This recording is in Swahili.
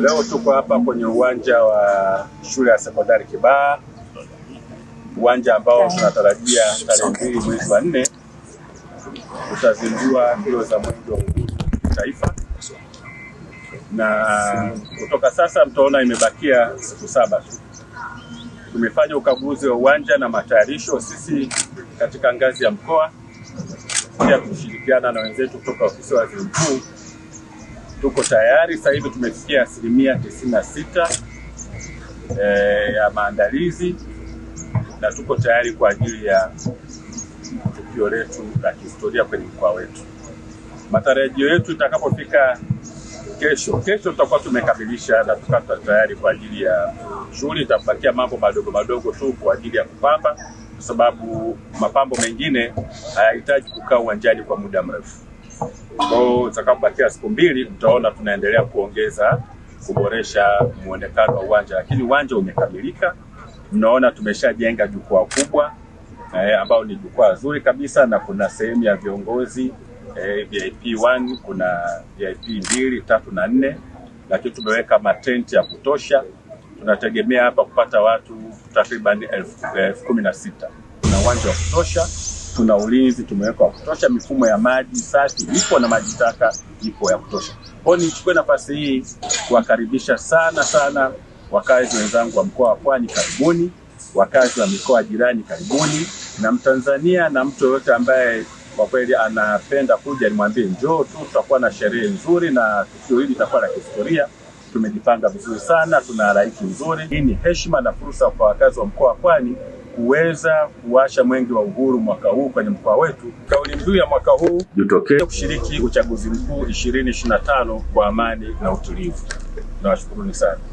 Leo tuko hapa kwenye uwanja wa shule ya sekondari Kibaha, uwanja ambao tunatarajia tarehe mbili mwezi wa nne utazindua mbio za mwenge wa uhuru taifa, na kutoka sasa mtaona imebakia siku saba tu. Tumefanya ukaguzi wa uwanja na matayarisho sisi katika ngazi ya mkoa, pia kushirikiana na wenzetu kutoka ofisi ya waziri mkuu tuko tayari sasa hivi tumefikia asilimia tisini na sita eh, ya maandalizi na tuko tayari kwa ajili ya tukio letu la kihistoria kwenye mkoa wetu. Matarajio yetu itakapofika kesho, kesho tutakuwa tumekamilisha na tukata tayari kwa ajili ya shughuli. Itabakia mambo madogo madogo tu kwa ajili ya kupamba, kwa sababu mapambo mengine hayahitaji kukaa uwanjani kwa muda mrefu. Kwa utakapobakia siku mbili, mtaona tunaendelea kuongeza kuboresha muonekano wa uwanja, lakini uwanja umekamilika. Mnaona tumeshajenga jukwaa kubwa eh, ambao ni jukwaa zuri kabisa, na kuna sehemu ya viongozi eh, VIP 1 kuna VIP mbili tatu na nne, lakini tumeweka matenti ya kutosha. Tunategemea hapa kupata watu takriban elfu eh, kumi na sita. Kuna uwanja wa kutosha tuna ulinzi tumeweka wa kutosha, mifumo ya maji safi ipo na maji taka ipo ya kutosha. Kwa hiyo nichukue nafasi hii kuwakaribisha sana sana wakazi wenzangu wa mkoa wa Pwani, karibuni. Wakazi wa mikoa jirani, karibuni. Na Mtanzania na mtu yoyote ambaye kwa kweli anapenda kuja, nimwambie njoo tu, tutakuwa na sherehe nzuri na tukio hili litakuwa la kihistoria. Tumejipanga vizuri sana, tuna halaiki nzuri. Hii ni heshima na fursa kwa wakazi wa mkoa wa Pwani kuweza kuwasha mwenge wa uhuru mwaka huu kwenye mkoa wetu. Kauli mbiu ya mwaka huu jitokee kushiriki uchaguzi mkuu 2025 kwa amani na utulivu. Nawashukuruni sana.